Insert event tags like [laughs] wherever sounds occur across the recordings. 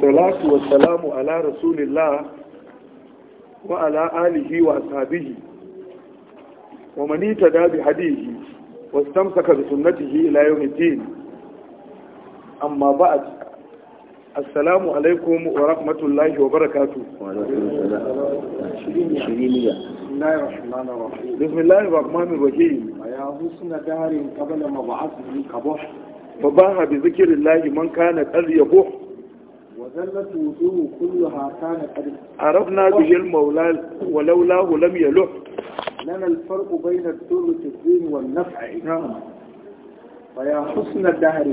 salatu wa salamu ala rasulillah wa ala alihi wa ashabihi wa manita da bi hadihi wa stamsaka bi sunnatihi ila yawmiddin amma ba'd assalamu alaikum wa rahmatullahi wa barakatuh wa alaikum assalam shirin ya bismillahir rahmanir rahim ayahu suna garin qabala mab'athi qabah فباها بذكر الله من كان قد يبوح وذلت وجوه كلها كان قد عرفنا به المولى ولولاه لم يلح لنا الفرق بين الدر الدين والنفع نعم فيا حسن الدهر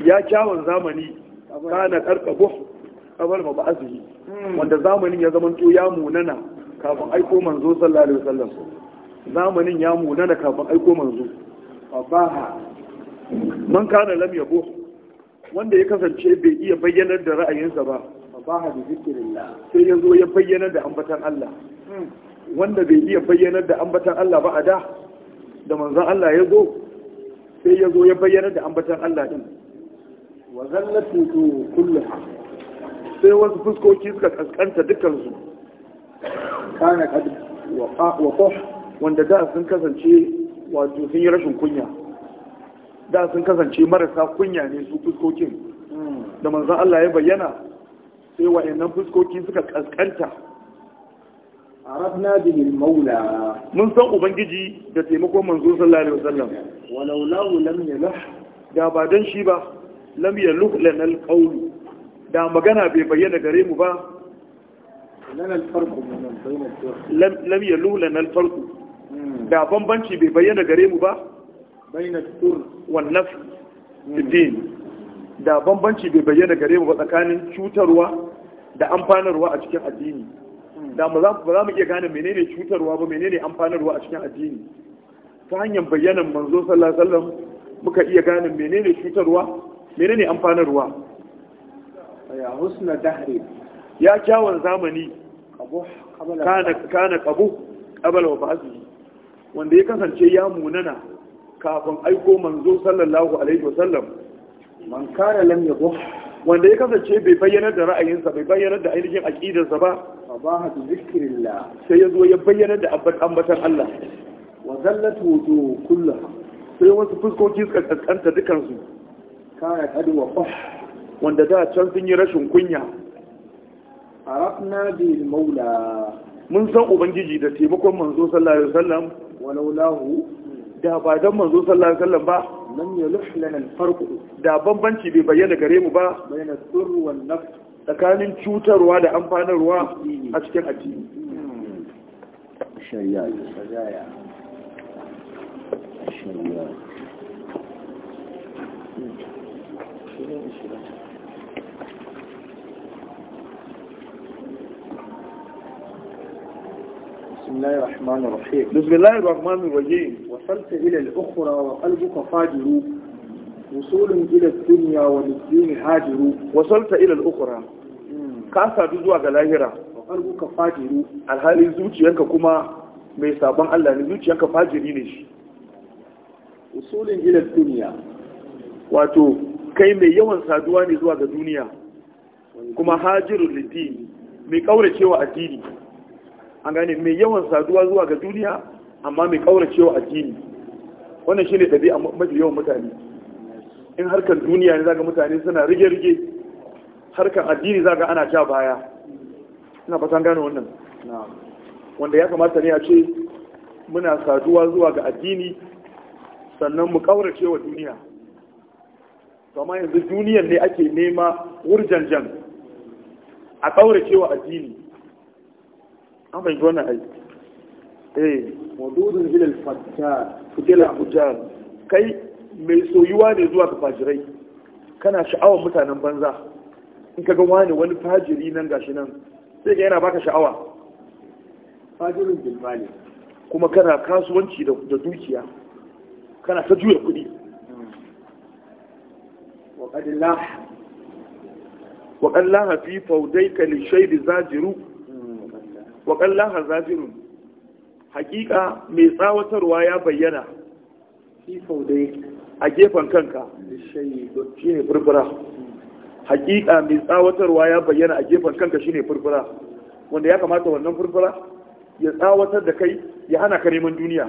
يا جاون زمني كان قد بح قبل ما بعثه wanda zamanin ya zamanto ya munana kafin aiko manzo sallallahu alaihi wasallam zamanin ya munana kafin aiko manzo fa man kana lam yabuh wanda ya kasance bai iya bayyanar da ra'ayinsa ba ba sai ya zo ya bayyanar da ambatan Allah hmm. wanda bai iya bayyanar da ambatan Allah ba a da da manzan Allah ya zo sai ya zo ya bayyanar da ambatan Allah din wa zallatu kullu sai wasu fuskoki suka kaskanta dukkan su kana kadu wa wa wanda da sun kasance wato sun yi rashin kunya da sun kasance marasa kunya ne su fuskokin da manzan Allah ya bayyana sai wa'annan fuskoki suka kaskanta A arabna bihi maula mun san ubangiji da taimakon manzo sallallahu alaihi wasallam walaulawu lahu lam da ba don shi ba lam yaluh lana alqawl da magana bai bayyana gare mu ba lana alfarq lam yaluh hmm. da bambanci bai bayyana gare mu ba bainat tur wan nafi din da bambanci bai bayyana gare mu ba tsakanin cutarwa da amfanarwa a cikin addini da ba za mu iya gane menene cutarwa ba menene amfanarwa a cikin addini ta hanyar bayyanan manzo sallallahu alaihi wasallam muka iya gane menene cutarwa menene amfanarwa ya husna dahri ya kyawun zamani kana kabu qabala wa ba'dhi wanda ya kasance ya munana kafin aiko manzo sallallahu alaihi wasallam man kana lam yabo wanda ya kasance bai bayyanar da ra'ayinsa bai bayyanar da ainihin aqidarsa ba fa baha bi zikrillah sai ya zo ya bayyana da ambatan Allah wa zallat wudu kullaha sai wasu fuskoki suka kaskanta dukansu kana kadu wa fa wanda da can sun yi rashin kunya arafna bil maula mun san ubangiji da taimakon manzo sallallahu alaihi wasallam walau lahu da ba don manzo sallallahu alaihi wasallam ba lam yulh lana al da bambanci bai bayyana gare mu ba bayyana sirr wal naf tsakanin cutarwa da amfanarwa a cikin addini بسم الله الرحمن الرحيم بسم الله الرحمن الرحيم وصلت إلى الأخرى وقلبك فاجر وصول إلى الدنيا وللدين هاجر وصلت إلى الأخرى كاسا بزوا غلاهرة وقلبك فاجر الحالي زوجي أنك كما ميسابان الله زوجي أنك فاجري نشي وصول إلى الدنيا واتو kai mai yawan saduwa ne zuwa ga duniya kuma hajirul lidini mai kauracewa addini an gane mai yawan saduwa zuwa ga duniya amma mai kauracewa addini wannan shine dabi'a mafi yawan mutane in harkar duniya ne zaga mutane suna rige-rige harkar addini zaga ana ja baya ina fata gane wannan wanda ya kamata ne a ce muna saduwa zuwa ga addini sannan mu kauracewa duniya kama yanzu duniyar ne ake nema wurjanjan a kauracewa addini an fahimci wannan ai eh mawdudun ila al-fattar fitila hujjar kai mai soyuwa ne zuwa ga fajirai kana sha'awar mutanen banza in ka ga wani wani fajiri nan gashi nan sai ga yana baka sha'awa fajirin bilmali kuma kana kasuwanci da dukiya kana ta juya kudi waƙadin laha fi faudai ka lishai da zajiru wa ƙalla zafiru hakika mai tsawatarwa ya bayyana a gefen kanka shi ne furfura hakika mai tsawatarwa ya bayyana a gefen kanka shi ne furfura wanda ya kamata wannan furfura ya tsawatar da kai ya hana ka neman duniya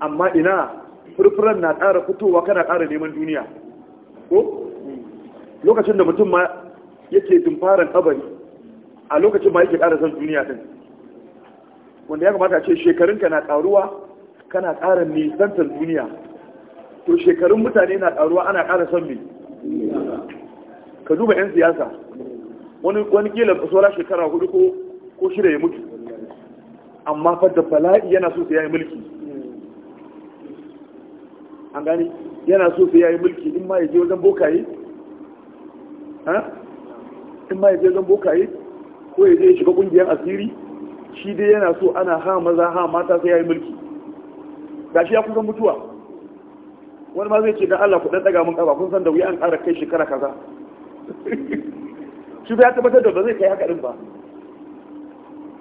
amma ina furfuran na ƙara fitowa kana ƙara neman duniya ko lokacin da mutum ma yake dumfaran kabari a lokacin ma yake ƙara san duniya din wanda ya kamata ce shekarunka na karuwa kana ƙara nisantar duniya to shekarun mutane na karuwa ana ƙara son me ka duba 'yan siyasa wani wani kila tsora shekara hudu ko ko shida ya mutu amma fa da bala'i yana so sai yayi mulki an gani yana so sai yayi mulki in ma ya je wajen bokaye ha in ma ya je wajen bokaye ko ya je shiga kungiyar asiri shi dai yana so ana ha maza ha mata sai ya yi mulki shi ya kusan mutuwa wani ma zai ce dan Allah ku dan daga mun kafa kun san da wuya an ƙara kai shekara kaza [laughs] shi ya tabbatar da ba zai kai haka din ba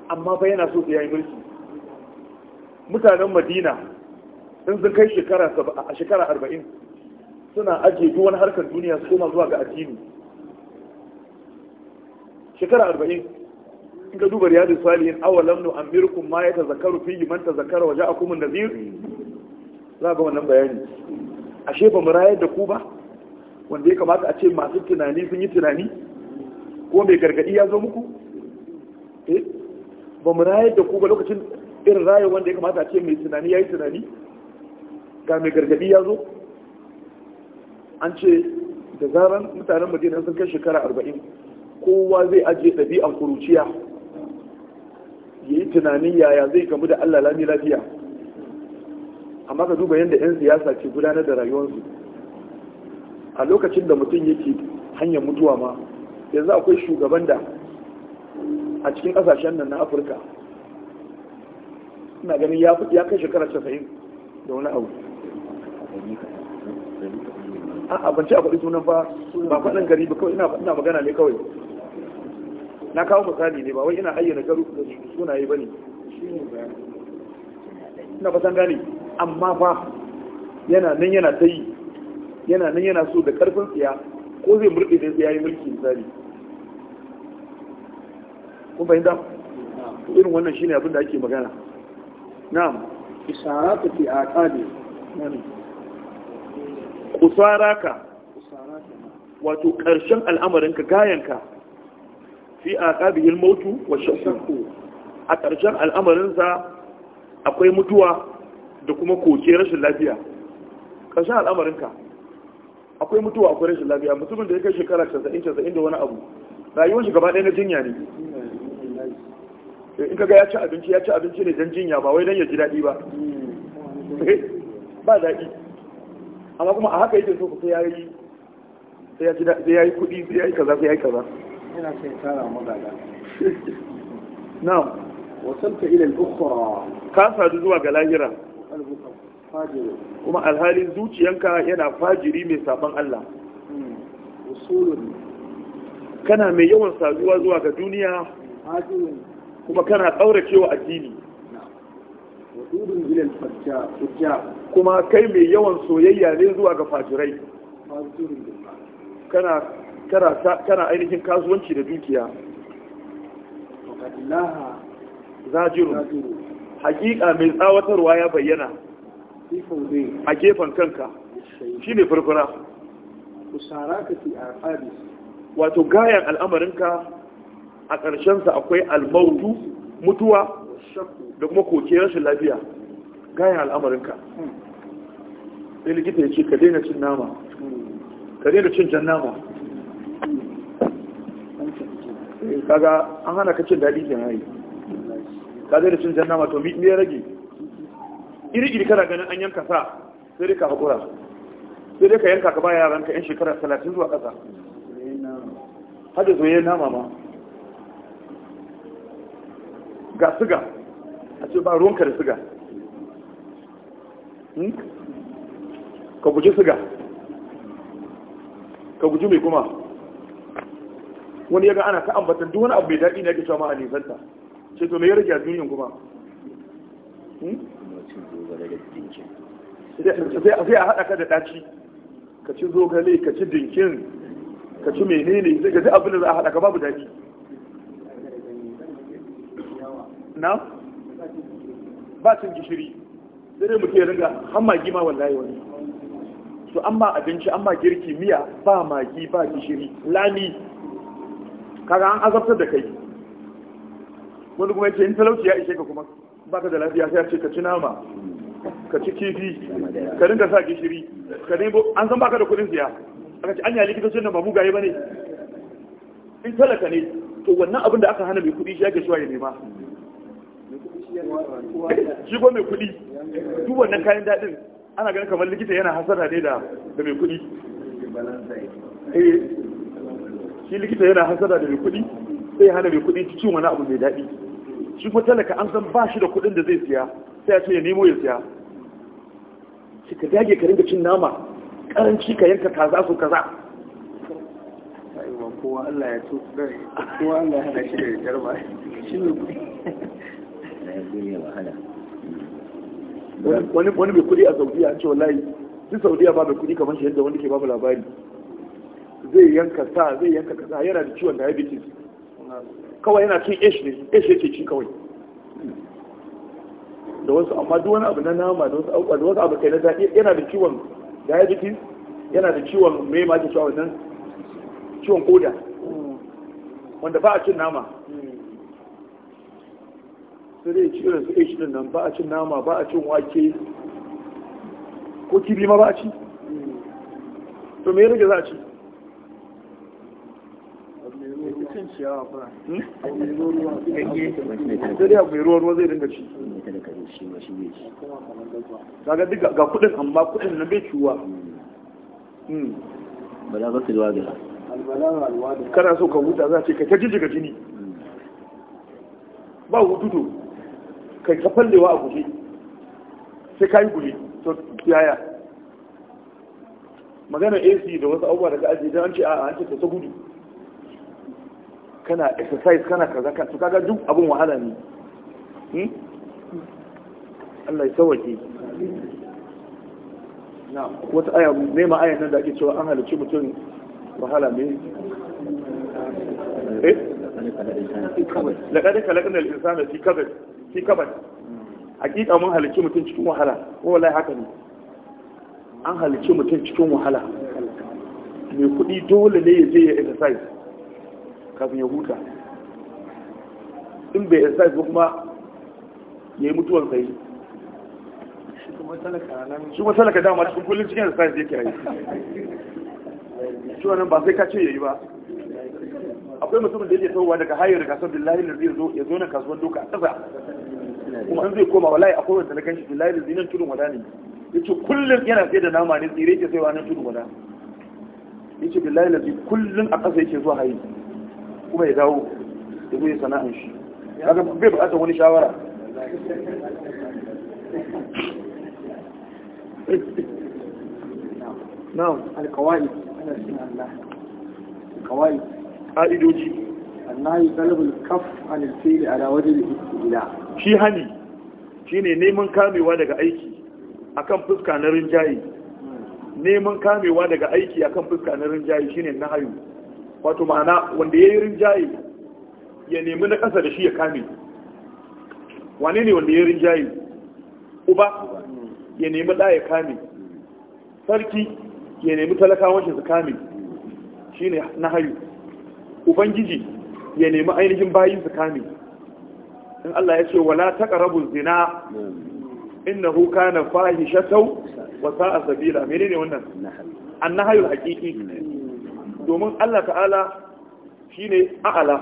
amma fa yana so sai ya yi mulki mutanen Madina in sun kai shekara a shekara 40 suna ajiye duk wani harkar duniya su koma zuwa ga addini shekara arba'in. in ka duba riyadu salihin awalam nu amirkum ma yatazakkaru fi man tazakkara waje ja'akum an-nadhir za ga wannan bayani ashe ba mu rayar da ku ba wanda ya kamata a ce masu tunani sun yi tunani ko mai gargadi ya zo muku eh? ba mu rayar da ku ba lokacin irin rayar wanda ya kamata a ce mai tunani ya yi tunani ga mai gargadi ya zo an ce da zaran mutanen madina sun kai shekara arba'in kowa zai ajiye ɗabi'an kuruciya ya yi tunanin yaya zai gamu da Allah lami lafiya amma ka duba yadda 'yan siyasa ke gudanar da rayuwarsu a lokacin da mutum yake hanyar mutuwa ma yanzu akwai shugaban da a cikin ƙasashen nan na afirka ina ganin ya kai shekara 90 da wani abu a abinci a faɗi sunan ba ba faɗin gari ba kawai ina magana ne kawai na kawo misali ne ba wai ina ayyana garu da sunaye ba ne na fasan gane amma fa yana nan yana ta yi yana nan yana so da karfin tsiya ko zai murɗe da tsiya yi mulki misali kun fahimta irin wannan shine abin da ake magana na'am isharatu fi Kusara ka, wato karshen al'amarinka gayanka fi a ƙabihin mautu wa shakku a ƙarshen al'amarinsa akwai mutuwa da kuma koke rashin lafiya ƙarshen al'amarinka akwai mutuwa akwai rashin lafiya mutumin da ya kai shekara casa'in casa'in da wani abu rayuwar shi gaba ɗaya na jinya ne eh, in ga ya ci abinci ya ci abinci ne don jinya ba wai don ya ji daɗi ba eh, ba daɗi amma kuma a haka yake so ku sai ya yi kuɗi sai ya yi kaza sai ya yi kaza ina sai tara magana [laughs] Na wasalta ila ukhra ka sadu zuwa ga lahira kuma alhalin zuciyanka yana fajiri mai saban Allah hmm. kana mai yawan saduwa zuwa ga duniya kuma kana a addini kuma kai mai yawan soyayya ne zuwa ga fajirai kana kana ainihin kasuwanci da dukiya zajiru hakika mai tsawatarwa ya bayyana a gefen kanka shi ne furfura wato gayan al'amarinka a ƙarshensa akwai almautu mutuwa da kuma koke rashin lafiya gayan al'amarinka hmm. sai likita ya ce ka daina cin nama hmm. ka daina cin jan nama kaga an hana kacin daɗi ke hari ka zai da cin jan nama to mi ya rage iri iri kana ganin an yanka sa sai dai ka haƙura sai dai ka yanka ka baya yaran ka yan shekara talatin zuwa ƙasa hada zoye nama ma ga siga a ce ba ruwanka da siga hmm? ka guji siga ka guji mai kuma wani yaga ana ta ambatan duk wani abu mai daɗi ne yake cewa ma a nisanta Sai to me ya rage a duniyan kuma hmm? sai a haɗa ka da ɗaci ka ci zogale ka ci dinkin ka ci menene ka ji abin da za a haɗa ka babu daɗi na ba cin gishiri sai dai mutum ya ringa har magi ma wallahi wani to an ma abinci an ma girki miya ba magi ba gishiri lami kaga an azabtar da kai wani kuma yake in talauci ya ishe ka kuma baka da lafiya sai ya ce ka ci nama ka ci kifi ka dinga sa gishiri ka nemo an san baka da kudin siya aka ce anya likitocin nan ba gaye bane in talaka ne to wannan abin da aka hana mai kudi shi ake shiwa ya nema shi ko mai kudi duk wannan kayan dadin ana ganin kamar likita yana hasara ne da mai kudi eh. shi likita yana hasada da mai kuɗi sai hana mai kuɗi cikin wani abu mai daɗi shi kuma talaka an san ba shi da kuɗin da zai siya sai a ce ya nemo ya siya shi ka dage ka ringa cin nama karanci ka yanka kaza su kaza kowa Allah ya to wani mai kuɗi a saudiya an ce wallahi duk saudiya ba mai kuɗi kamar shi yadda wani ke babu labari zai yanka sa zai yanka kasa yana da ciwon diabetes kawai yana cin ish ne ish yake ci kawai da wasu amma duk wani abu na nama da wasu abubuwa da wasu abu kai na daɗi yana da ciwon diabetes yana da ciwon mai mace ke ciwon nan ciwon koda wanda ba a cin nama sai dai ciwon su ish din nan ba a cin nama ba a cin wake ko kibi ma ba a ci to me rage za a ci cin ciyawa fa hmm? sai dai mai ruwa ruwa zai dinga ci kaga duk ga kudin amma kudin na bai ciwa hmm. hmm. ba da kana so ka huta za ce ka ta jijjiga jini ba hututu kai ka fallewa a guje sai ka yi guje to yaya magana ac da wasu abubuwa daga ajiye don an ce a an ce ta gudu kana exercise kana kaza kan to kaga duk abin wahala ne hmm? Allah ya sauke na wata aya ne ma ayan nan da ake cewa an halicci mutum wahala ne eh laqad khalaqna al-insana fi kabad fi kabad hakika mun halicci mutum cikin wahala ko wallahi haka ne an halicci mutum cikin wahala mai kuɗi dole ne ya je ya exercise kafin ya huta in bai exercise ko kuma ya yi mutuwar sai shi kuma talaka dama cikin kullum cikin zai yake yi shi wannan ba sai ka ce ya yi ba akwai mutumin da yake tauwa daga hayar da kasar billahi da ya zo na kasuwar doka a ƙasa kuma an zai koma wallahi akwai wanda na kan shi billahi da zinan tudun wada ne yace kullum yana sai da nama ne tsire ke sai wa nan tudun wada yace billahi da kullum a ƙasa yake zuwa hayi kuma ya dawo da zai sana'an shi daga bai bukatar wani shawara na alkawai ana sin Allah alkawai ka'idoji annahi galibul kaf anil a dawaje da al gida shi hani shi ne neman kamewa daga aiki akan fuska na rinjaye neman kamewa daga aiki akan fuska na rinjaye shi ne na hayo. wato ma'ana wanda ya yi rinjaye ya nemi na ƙasa da shi ya kame wane ne wanda ya yi rinjaye uba ya nemi ɗa ya kame sarki ya nemi talakawan shi su kame shi ne na hayu ubangiji ya nemi ainihin bayin su kame in Allah ya ce wala taqrabu zina innahu kana fahishatan wasa a sabila menene wannan An na hayu haƙiƙi. domin Allah ta'ala shi ne a'ala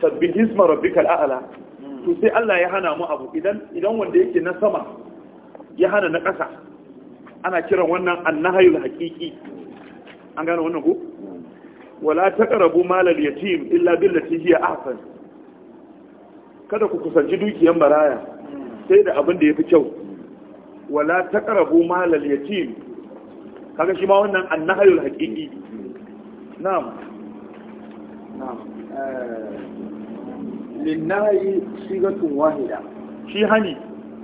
sabbin hisma rabbikal a'ala to sai Allah ya hana mu abu idan wanda yake na sama ya hana na ƙasa ana kiran wannan annahayul haƙiƙi an gane wannan ku? wala taqrabu malal yatim illa billati hiya ahsan kada ku kusanci dukiyar baraya sai da abin da yafi kyau wala taqrabu malal yatim kaga shi ma wannan annahayul haqiqi na'am na'am eh, linnahi sigatun wahida shi hani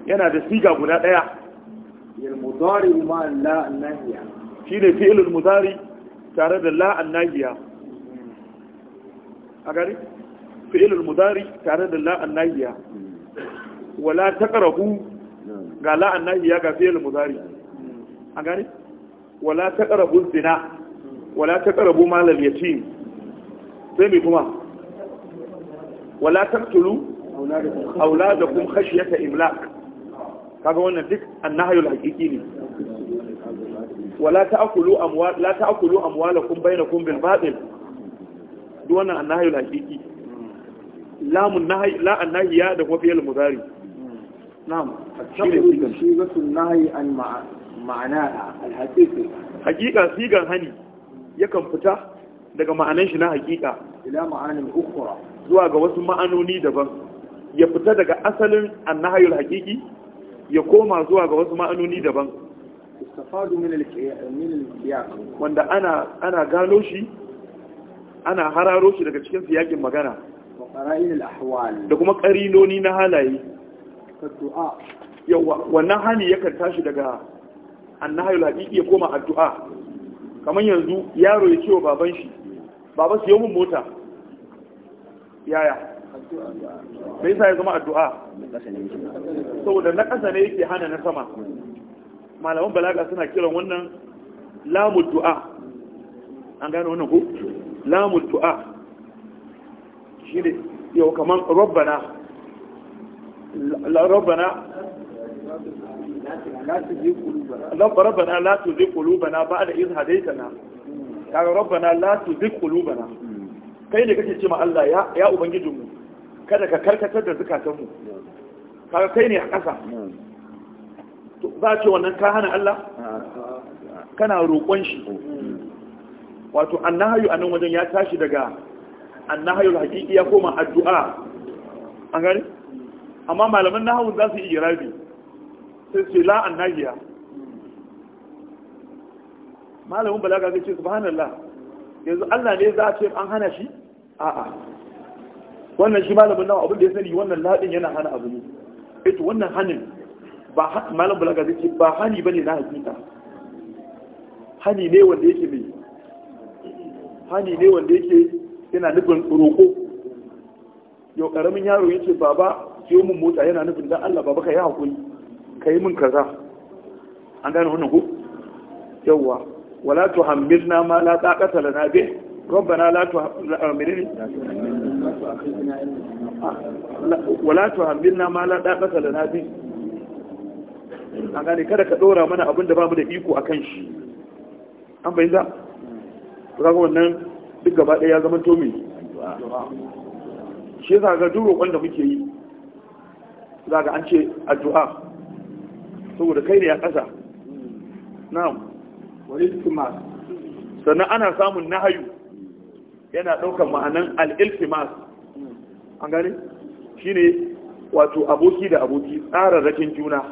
yana da siga guda daya yalmudari ma la nahiya shi ne fi'ilul mudari tare da la annahiya a gari fi'ilul mudari tare da la annahiya wala taqrahu ga la annahiya ga fi'ilul mudari a wala zina wala ta taqrabu malal yatim sai mai kuma wala taqtulu auladakum khashyata imlaq kaga wannan duk annahayul haqiqi ne wala ta'kulu amwal la ta'kulu amwalakum bainakum bil batil duk wannan annahayul haqiqi lamun nahy la annahiya da kuma fi'il mudari na'am shi ga sun nahy an ma'ana al haqiqi haqiqa sigan hani yakan fita daga ma'anan shi na hakika ila ma'anin ukhra zuwa ga wasu ma'anoni daban ya fita daga asalin annahayul hakiki ya koma zuwa ga wasu ma'anoni daban istafadu min al-qiyas wanda ana ana gano shi ana hararo shi daga cikin siyakin magana da kuma ƙarinoni na halaye yawa wannan hani yakan tashi daga annahayul hakiki ya koma addu'a kamar yanzu yaro ya ciwo baban shi baba su mun mota yaya bai sa ya zama addu'a saboda na ƙasa ne yake hana na sama malaman balaga suna kiran wannan lamu du'a an gane wannan ko lamu du'a shi ne yau kamar Rabba na. Allah rabbana la tuzigh qulubana ba'da idh hadaytana kaga rabbana la tuzigh qulubana kai ne kake ce ma Allah ya ubangijinmu kada ka karkatar da zukatanmu kaga kai ne a ƙasa to za ce wannan ka hana Allah kana roƙon shi wato annahayu a nan wajen ya tashi daga annahayul hakiki ya koma addu'a an gani amma malaman nahawun za su yi irabi sai ce la an nahiya malamin balaga zai ce subhanallah yanzu Allah ne za a ce an hana shi a'a wannan shi malamin nawa abin da ya sani wannan ladin yana hana abu ne ita eh, wannan hanin ba malam balaga zai ce ba hani bane na hakika hani ne wanda yake mai hani ne wanda yake yana nufin roƙo yau ƙaramin yaro ya ce baba siyo mun mota yana nufin don Allah baba ka yi haƙuri ka yi min kaza an gane wannan ku yawwa wala tuhammilna ma la taqata lana bih rabbana la tuhammilni wala tuhammilna ma la taqata lana bih an gane kada ka dora mana abin da bamu da iko akan shi an bayyana to ga wannan duk gaba ɗaya ya zama to me shi yasa ga duro wanda muke yi za ga an ce addu'a saboda kai ne a ƙasa na'am wal-iltimas sannan ana samun nahayu yana ɗaukar ma'anan al-iltimas an gane shine wato aboki da aboki tsararrakin juna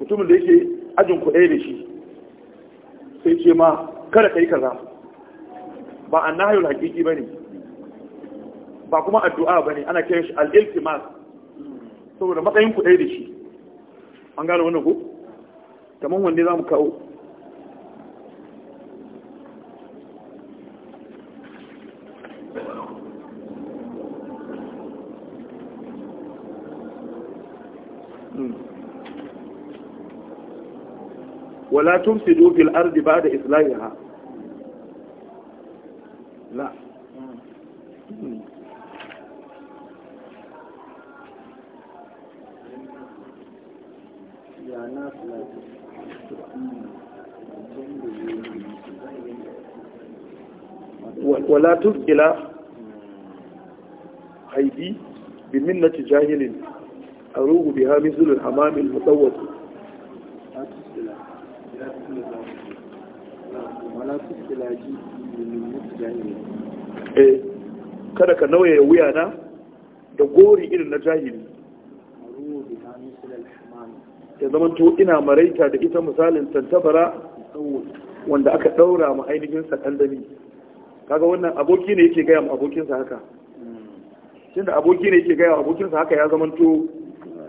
mutumin da yake ajin kuɗe da shi sai ce ma kada ka yi kaza ba an nahayul hakiki ba ne ba kuma addu'a ba ne ana kiran shi al'iltimas saboda matsayin kuɗe da shi an gane wannan ku? kamar wanne za mu kawo hmm. wala fi fil ardi ba'da islahiha la hmm. wala tuzkila haidi bi minnati jahilin arugu biha mislul hamamil mutawwat wala tuzkila bi minnati jahilin eh kada ka nauye wuya na da gori irin na jahili arugu biha mislul ya zamanto ina maraita da ita misalin tantabara wanda aka daura mu ainihin sakandami kaga wannan aboki ne yake gaya mu abokinsa haka shin da aboki ne yake gaya wa abokinsa haka ya to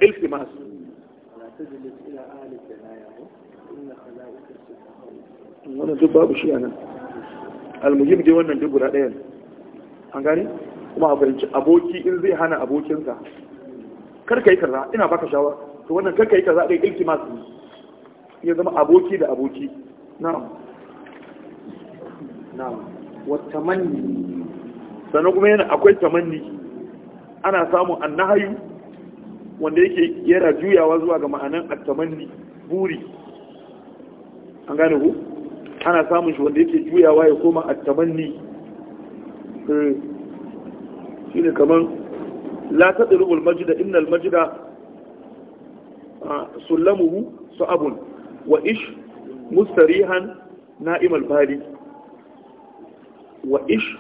iltimas wannan duk babu shi anan almuhim dai wannan duk guda ɗaya an gane kuma a fahimci aboki in zai hana abokinsa kar ka yi kaza ina baka shawara to wannan kanka yi kaza kai iltimas masu ya zama aboki da aboki Na na'am manni. tamanni sannan kuma yana akwai tamanni ana samun annahayu wanda yake yana juyawa zuwa ga ma'anan at-tamanni buri an gane ku ana samun shi wanda yake juyawa ya koma at-tamanni eh. ne kaman la tadrul majda innal majida آه، سلمه صعب وإش مستريحا نائم البالي وإش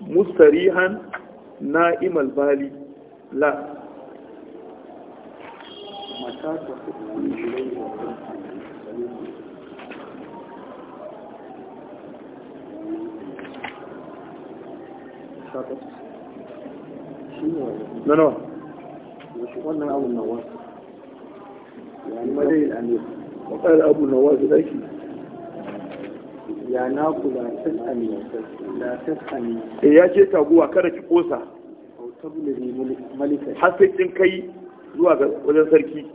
مستريحا نائم البالي لا لا لا لا لا لا لا لا لا لا يعني دين الأمير وقال أبو نواس ذكي ya naku la tasani la tasani eh ya ce taguwa kada ki kosa malika har sai kin kai zuwa ga wajen sarki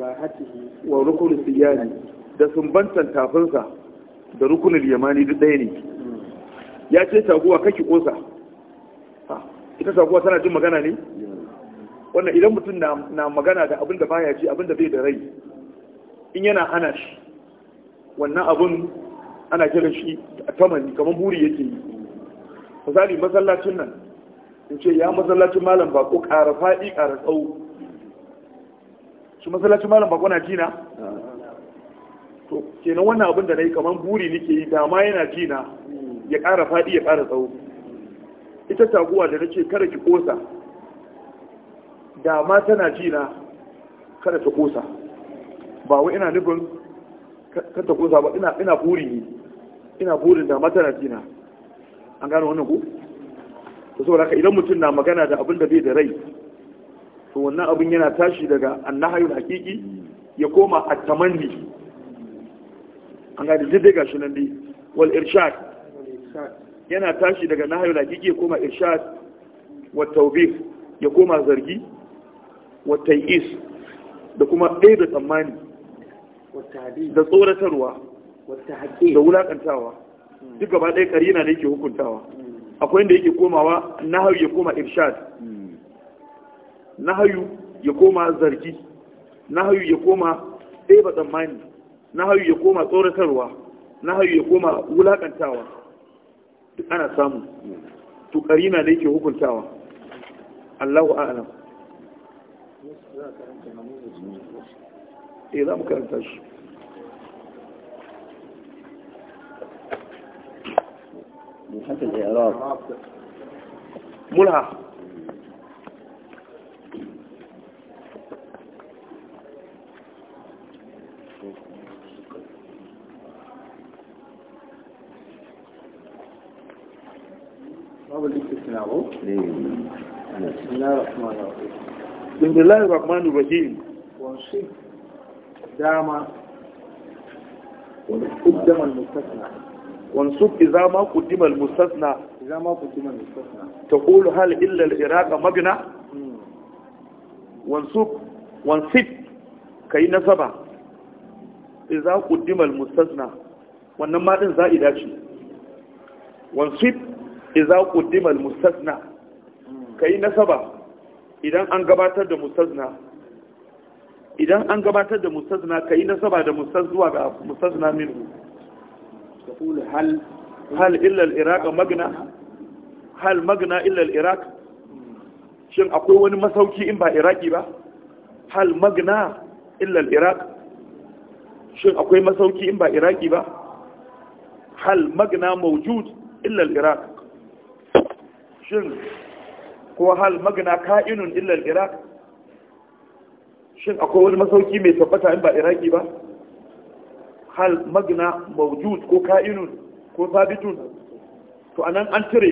rahatihi wa rukun siyani da sumbantan tafinsa da rukunin yamani duk ɗaya ne ya ce taguwa kake kosa ita taguwa tana jin magana ne wannan idan mutum na magana da abin da baya ji abin da bai da rai in yana hana shi wannan abin ana kiran shi a tamani kamar buri yake yi misali masallacin nan in ce ya masallacin malam bako ƙara faɗi ƙara tsawo shi masallacin malam bako na jina to kenan wannan abin da na yi kamar buri nake yi dama yana jina ya ƙara faɗi ya ƙara tsawo ita taguwa da na ce kada ki ƙosa da ma tana jina na kada ta kosa ba wai ina nufin kada ta kosa ba ina buri ne. ina burin da ma tana jina. an gano wannan ku? ta saboda ka. idan mutum na magana da abin da bai da rai to wannan abin yana tashi daga annahayul hakiki ya koma a tamanni an gane duk dai gashi nan dai wal irshad yana tashi daga nahayul hakiki ya koma irshad wa taubif ya koma zargi wata is da kuma ɗaya da tsammani da tsoratarwa da wulaƙantawa duk gaba ɗaya ƙarina da yake hukuntawa hmm. akwai inda yake komawa nahayu ya koma irshad hmm. nahayu ya koma zargi nahayu ya koma ɗaya da tsammani nahayu ya koma tsoratarwa nahayu ya koma wulaƙantawa duk ana samu hmm. tukari na da yake hukuntawa Allahu a'lam eh za mu karanta ما ملها باب الاستثناء إيه، بسم الله الرحمن الرحيم inda lai rahmanu wa jini kwanci dama wani kudimar musasna kwanci ki zama ta kulu hal illa iraka magna hmm. wansif ka yi nasaba iza kudimar musasna wannan maɗin za a idace wansif iza kudimar musasna hmm. ka yi nasaba idan an gabatar da mustazna idan an gabatar da mustazna kai nasaba da mustaz zuwa ga mustazna ku. taqulu hal hal illa al-iraq magna hal magna illa al-iraq shin akwai wani masauki in ba iraki ba hal magna illa al-iraq shin akwai masauki in ba iraki ba hal magna mawjud illa al-iraq shin ko hal magana ka'inun illal iraq shin akwai wani masauki mai tabbata in ba iraki ba hal magana maujud ko ka'inun ko sabitun to anan an cire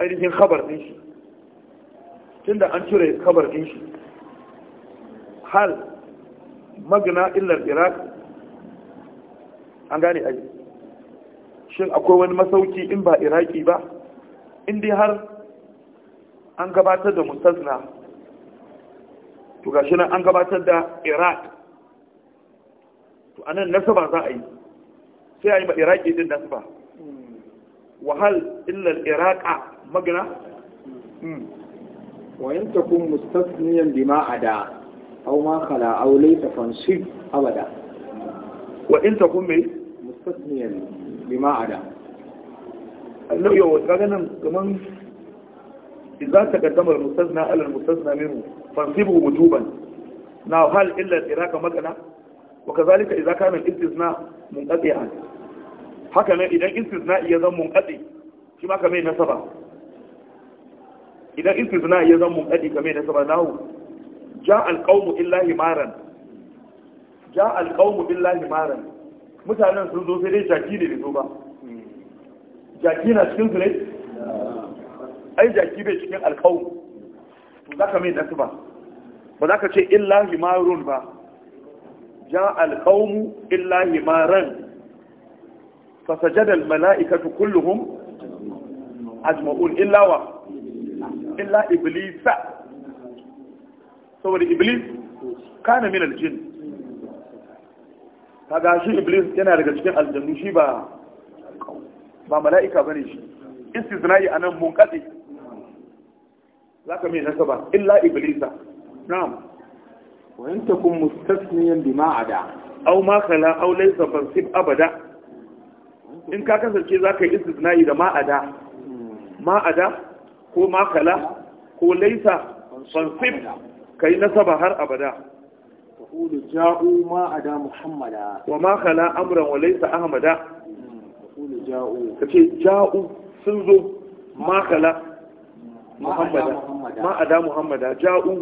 ainihin khabar din shi tunda an cire khabar din shi hal magana illal iraq an gane aji shin akwai wani masauki in ba iraki ba in dai har an gabatar da mustasna to gashi nan an gabatar da iraq to anan nasaba za a yi sai a yi ma iraki din nasaba wahal illal iraqa magana hmm. wayan takun mustasniyan bima ada aw ma khala aw laita fansib abada wa in takun mai mustasniyan bima ada Allah yau kaga kamar إذا تقدم المستثنى على المستثنى منه فانصبه وجوبا ناو هل إلا الإراك مكنا وكذلك إذا كان الاستثناء منقطعا هكذا إذا الاستثناء يزن منقطع كما كمين نسبة إذا الاستثناء يزن منقطع كمين نسبة ناو جاء القوم إلا همارا جاء القوم إلا همارا mutanen sun zo sai dai jaki ne da zo ba jaki na cikin su ne ai jaki bai cikin alkawu za ka mai nasu ba ba za ka ce illa himarun ba ja alkawmu illa himaran fasajadar mala'ikatu kulluhum ajma'un illa wa illa iblisa saboda iblis kana min aljin ga shi iblis yana daga cikin aljannu shi ba ba mala'ika ne shi istisna'i anan munqati za ka mai ba illa iblisa na'am wa in takun mustasniyan bima ada aw ma khala aw laysa fansib abada in ka kasance za ka yi istisna'i da ma'ada ma'ada ko ma khala ko laysa fansib kai nasaba har abada تقول جاءوا ما أدا محمدا وما خلا أمرا وليس أحمدا تقول جاءوا كتي جاءوا سنزو ما خلا muhammada ma ada muhammada ja'u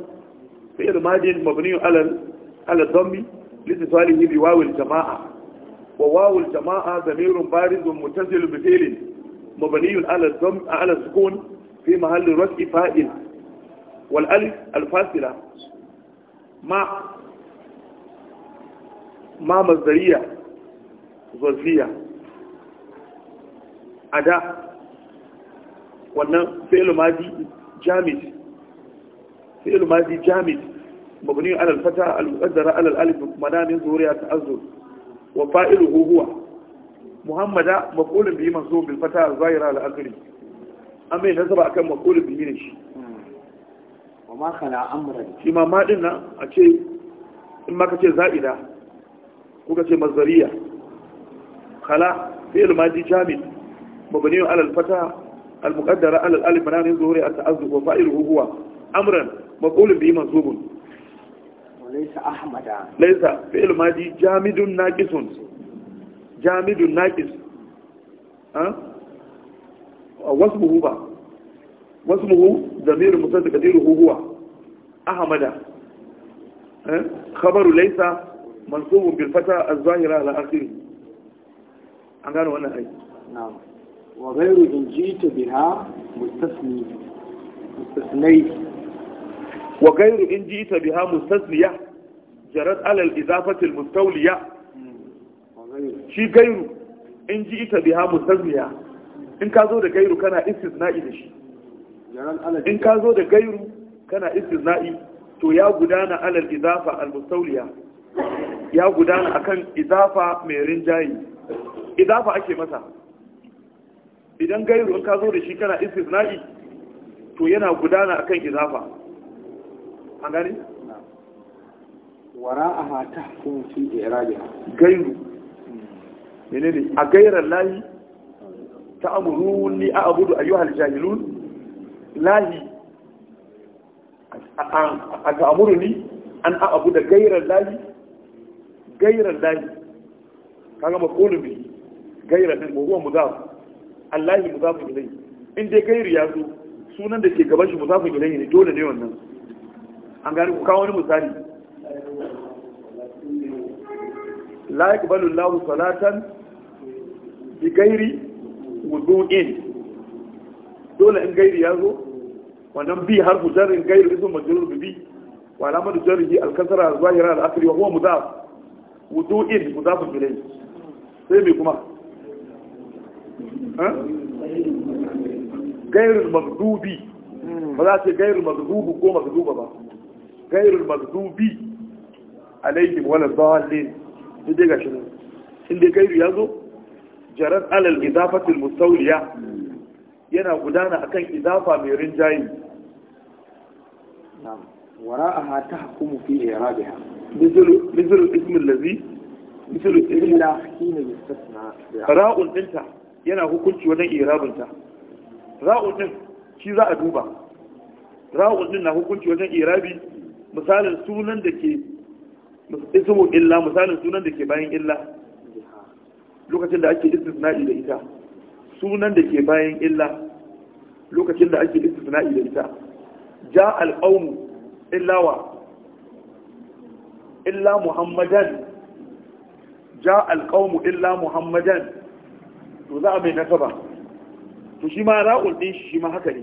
fi'il madin mabni ala ala dhammi litisalihi bi wawil jama'a wa wawil jama'a damirun barizun muttasil bi fi'lin mabni ala dhamm ala sukun fi mahalli raf'i fa'il wal alif al fasila ma ma mazdariya zarfiya ada wannan fi'il madi jamid fi'il madi jamid mabni ala al-fata al-muqaddara ala al-alif madanin zuriya ta'azzur wa fa'iluhu huwa muhammada maqulun bihi mansub bil fata al-zahira al-akhiri amma yana saba akan maqulun bihi ne shi wa ma kana amran shi ma madin nan a ce in ma kace za'ida ko kace mazariya khala fi'il madi jamid mabni alal fata المقدرة على الألف من هذه الظهور التأذب وفائله هو أمرا مقول به منصوب وليس أحمد ليس في ماضي جامد ناكس جامد ناكس واسمه با واسمه زمير مصدر قديره هو أحمد خبر ليس منصوب بالفتاة الظاهرة على أخير أنا أنا أي نعم wa gairu in ji ta biha mustasnai wa gairu alal izafatil shi gairu in ji ita biha mustasniya in ka zo da gairu kana istisna'i da shi in ka zo da gairu kana istisna'i to ya gudana alal izafa al ya gudana akan mai ake masa idan gairu in ka zo da shi kana istisna'i to yana gudana akan izafa an gani wara'aha tahkum fi i'rabiha gairu menene a gairar lahi a a'budu ayyuhal jahilun lahi a ni an abu da gairar lahi gairar lahi kaga maqulu bi gairar din mu za mudaf Allahi muzafin ilai in dai gairi ya zo sunan da ke gaban shi muzafin ilai ne dole ne wannan an gani ku kawo wani misali la yaqbalu Allahu salatan bi gairi wudu'in dole in gairi ya zo wannan bi harfu jarrin gairi ismu majrur bi wa alamat jarrihi al-kasra al-zahira al-akhir wa huwa mudaf wudu'in mudaf ilai sai me kuma gairul magdubi ba za ce gairul magdubu ko magduba ba gairul magdubi alaihim wala dhalin sai dai gashi nan inda gairu ya zo jarar alal idafatil mustawliya yana gudana akan izafa mai rinjayi وراءها تحكم في إعرابها مثل مثل الاسم الذي مثل الاسم لا حين يستثنى راء انت yana hukunci wajen irabinta ra'un din shi za a duba ra'un din na hukunci wajen irabi misalin sunan da ke ismu illa misalin sunan da ke bayan illa lokacin da ake istisna'i da ita sunan da ke bayan illa lokacin da ake istisna'i da ita ja alqawm illa wa illa muhammadan ja alqawm illa muhammadan to za a mai saba to shi ma ra'ul din shi ma haka ne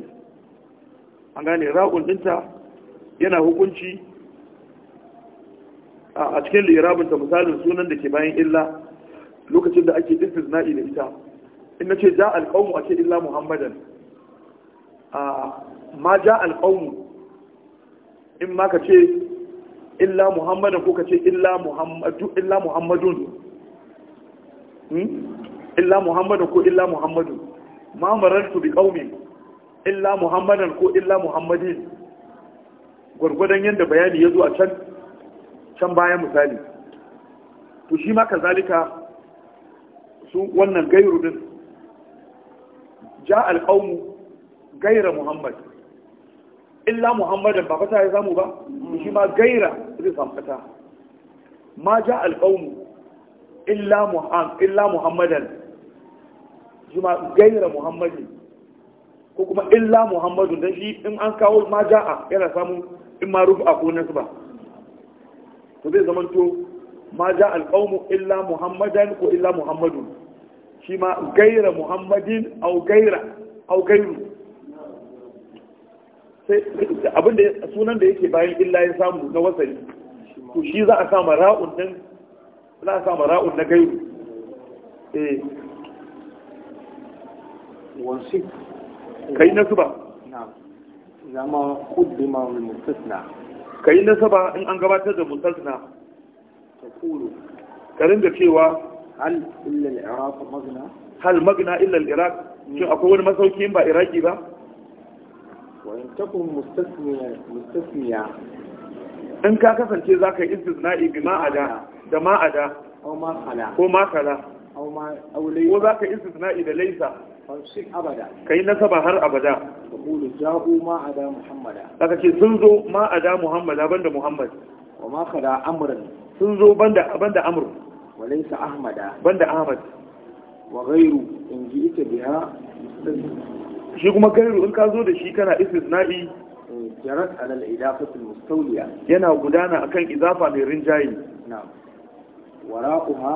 an gane ra'ul dinta yana hukunci a cikin lirabinta misalin sunan da ke bayan illa lokacin da ake istisna'i da ita in ce ja alqawmu ake illa muhammadan a ma ja alqawmu in ma ka ce illa muhammadan ko ka ce illa muhammadun hmm? illa muhammadun ko illa muhammadu ma marartu bi qaumin illa muhammadan ko illa muhammadin gurgurdan yanda bayani yazo a can can bayan misali to shi ma kazalika su wannan gairu din ja alqaumu gaira muhammad illa muhammadan ba fata ya samu ba shi ma gaira zai samu fata ma ja alqaumu illa muhammadan shi gaira muhammadin ko kuma illa Muhammadu don shi in an kawo ma ja'a yana samu in ma rufu a ko su ba to zai zama to ma ja alƙaunu illa muhammadan ko illa Muhammadu shi ma gaira muhammadin au gaira au gairu sai abinda sunan da yake bayan illa ya samu na wasari to shi za a sa mara'un nan za a sa mara'un na gairu eh. kai zama in an gabatar da mustasna taqulu karin da cewa hal magana iraq mm. akwai wani masauki ba iraki ba in ka kasance za ka kasance zaka yi istisna'i ma'ada da ma'ada ko makala, ko za ka istisna'i da laisa kai nasaba har abada qulu ja'u ma ada muhammada Daga ce sun zo ma ada muhammada banda muhammad wa ma kada amran sun zo banda banda amr wa laysa ahmada banda ahmad wa ghayru in ji ita biha shi kuma gairu in ka zo da shi kana istisna'i eh, jarat ala al-idafati al-mustawliya yana gudana akan izafa mai rinjaye. na'am wara'uha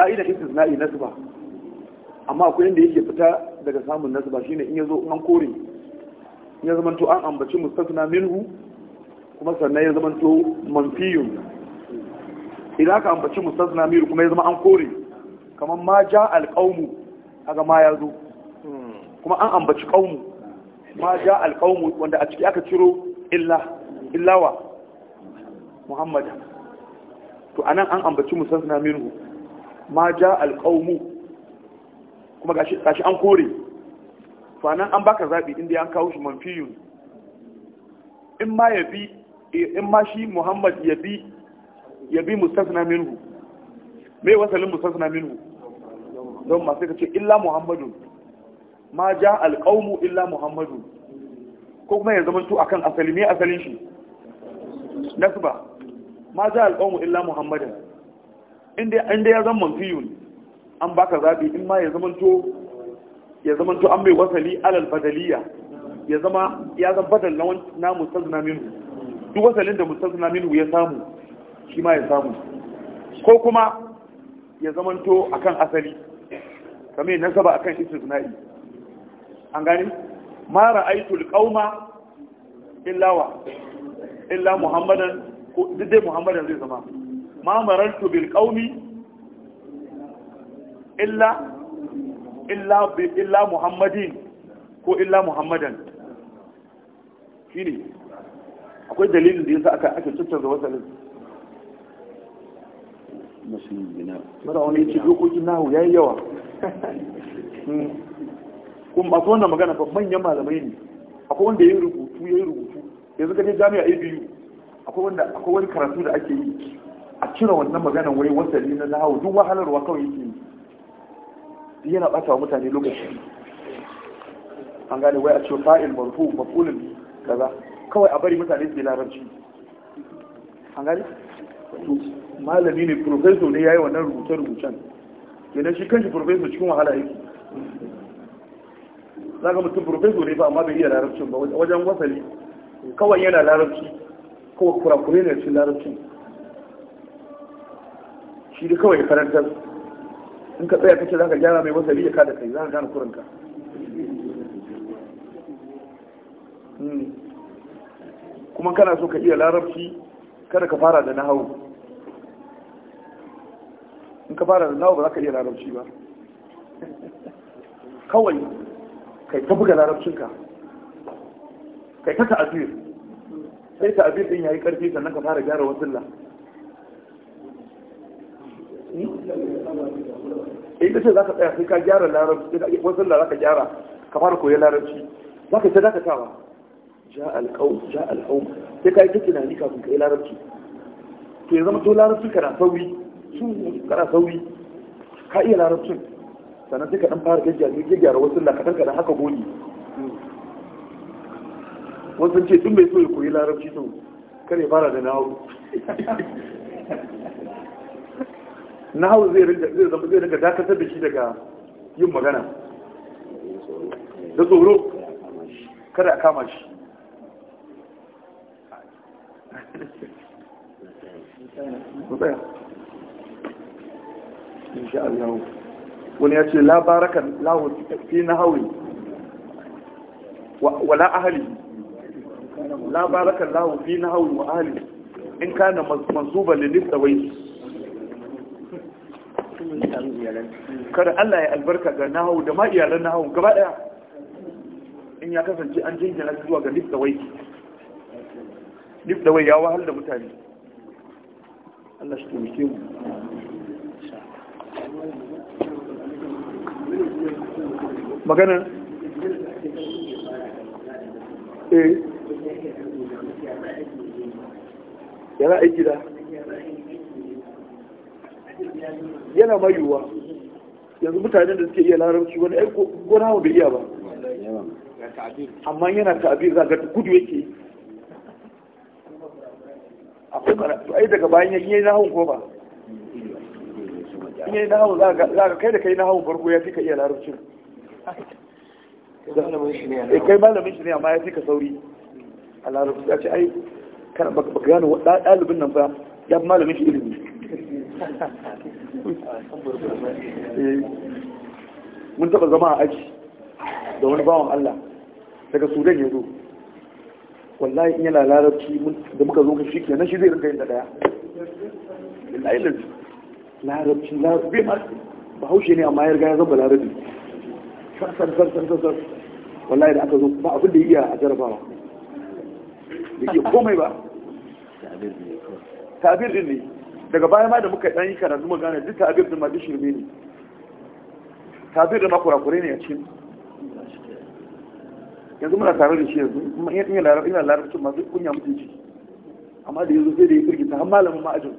ka'idar istisna'i nasba amma akwai inda yake fita daga samun nasba shine in yazo an kore ya zama to an ambaci mustasna minhu kuma sannan ya zama to manfiyun idan ka ambaci mustasna minhu kuma ya zama an kore kamar ma ja alqaumu kaga ma ya zo kuma an ambaci qaumu ma ja alqaumu wanda a ciki aka ciro illa illawa muhammad to anan an ambaci mustasna minhu ma ja alƙaumu kuma gashi an kore fanan an baka zaɓi inda ya kawo shi manfiyun in ma ya bi in ma shi muhammad ya bi ya bi mustasna minhu mai wasalin mustasna minhu don masu ka ce illa muhammadun ma ja alƙaumu illa muhammadun ko kuma ya zamanto akan asali ne asalin shi nasu ba ma ja alƙaumu illa muhammadun inda ya zama manfiyun an baka zaɓi in ma ya zamanto ya zamanto an mai wasali alal badaliya ya zama ya zan badal na na mustazna minhu duk wasalin da mustazna minhu ya samu shi ma ya samu ko kuma ya zamanto akan asali kamar nasaba akan istisna'i an gani ma ra'aytul qauma illa wa illa muhammadan ko dai muhammadan zai zama ma marartu bil qaumi illa illa bi illa muhammadin ko illa muhammadan shine akwai dalilin da yasa aka ake tattauna wasalin musulmi wani yace dokokin nahu ya yi yawa kun ba su wannan magana ba manyan malamai ne akwai wanda ya yi rubutu ya yi rubutu yanzu ka je jami'a abu akwai wanda akwai wani karatu da ake yi a cire wannan maganan wai wasali na nahawu duk wahalarwa kawai yake yi yana ɓata wa mutane lokaci an gane wai a ce fa'il marfu mafulin kaza kawai a bari mutane su yi larabci an gane malami ne profeso ne ya yi wannan rubuce-rubucen kenan shi kanshi profeso cikin wahala yake za ga mutum profeso ne ba amma bai iya larabcin ba wajen wasali kawai yana larabci kawai kurakure ne cikin larabcin shi da kawai karantar in ka tsaya kace zaka gyara mai wasa ya kada kai zaka gane kuranka. Hmm. kuma kana so ka iya larabci kada ka fara da nahawu in ka fara da nahawu ba za ka iya larabci ba kawai kai ta buga larabcinka kai ta ta'abir sai ta'abir din yayi karfi sannan ka fara gyara wasu wasilla Eh, in ka ce za ka tsaya sai ka gyara larabci wasu da za ka gyara ka fara koyi larabci za ka ta dakatawa ja alƙau ja alƙau sai ka yi ta tunani kafin ka yi larabci to ya zama to larabci kana sauri su kana sauri ka iya larabcin sannan sai ka dan fara gajiya ne ke gyara wasu da ka tanka da haka goli wasu ce tun bai so ya koyi larabci to kare fara da nawo [laughs] na hau zai zama rinka dakatar da shi daga yin magana da tsoro kada a kama shi wani ya ce labarakan lawon fi na hawi wala ahali labarakan lawon fi na hawi wa ahali in masu ban da nifta wai kada Allah ya albarka ga nahu da ma iyalan nahu gaba daya in ya kasance an jingina zuwa ga wai. da wai ya wahal da mutane Allah shi taimake mu magana eh yana aiki da yana mayuwa yanzu mutanen da suke iya larabci wani ai gona bai iya ba amma yana ta'abir za ga gudu yake akwai to ai daga bayan yayin yayin nahawun ko ba in yayin nahawun za ga kai da kai nahawun farko ya fi ka iya larabcin eh, kai malamin shi ne amma ya fi ka sauri a larabci ya ce ai kana baka gano ɗalibin nan ba ya fi malamin shi ne. Eh, mun taba zama a aji da wani bawan Allah daga sudan ya zo wallahi in yana larabci da muka zo shi kenan shi zai rinka yin da daya larabci larabci ba haushe ne amma ya riga ya zama larabi sassan sassan sassan wallahi da aka zo ba abin da iya a jarabawa da ke komai ba tabir ne daga baya ma da muka dan yi karatu mu gane duka tabir da madu shirme ne tabir da makurakure ne a cikin yanzu muna tare da shi yanzu ina larabci ina larabci masu kunya mutunci amma da yanzu sai da ya firgita ta malamin ma ajin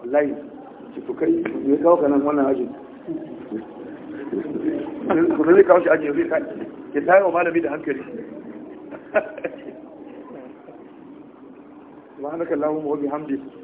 wallahi ci to kai ya kawo kanan wannan ajin kuma zai kawo shi ajin yanzu ya tayi wa malami da hankali [laughs] subhanakallahumma wa bihamdika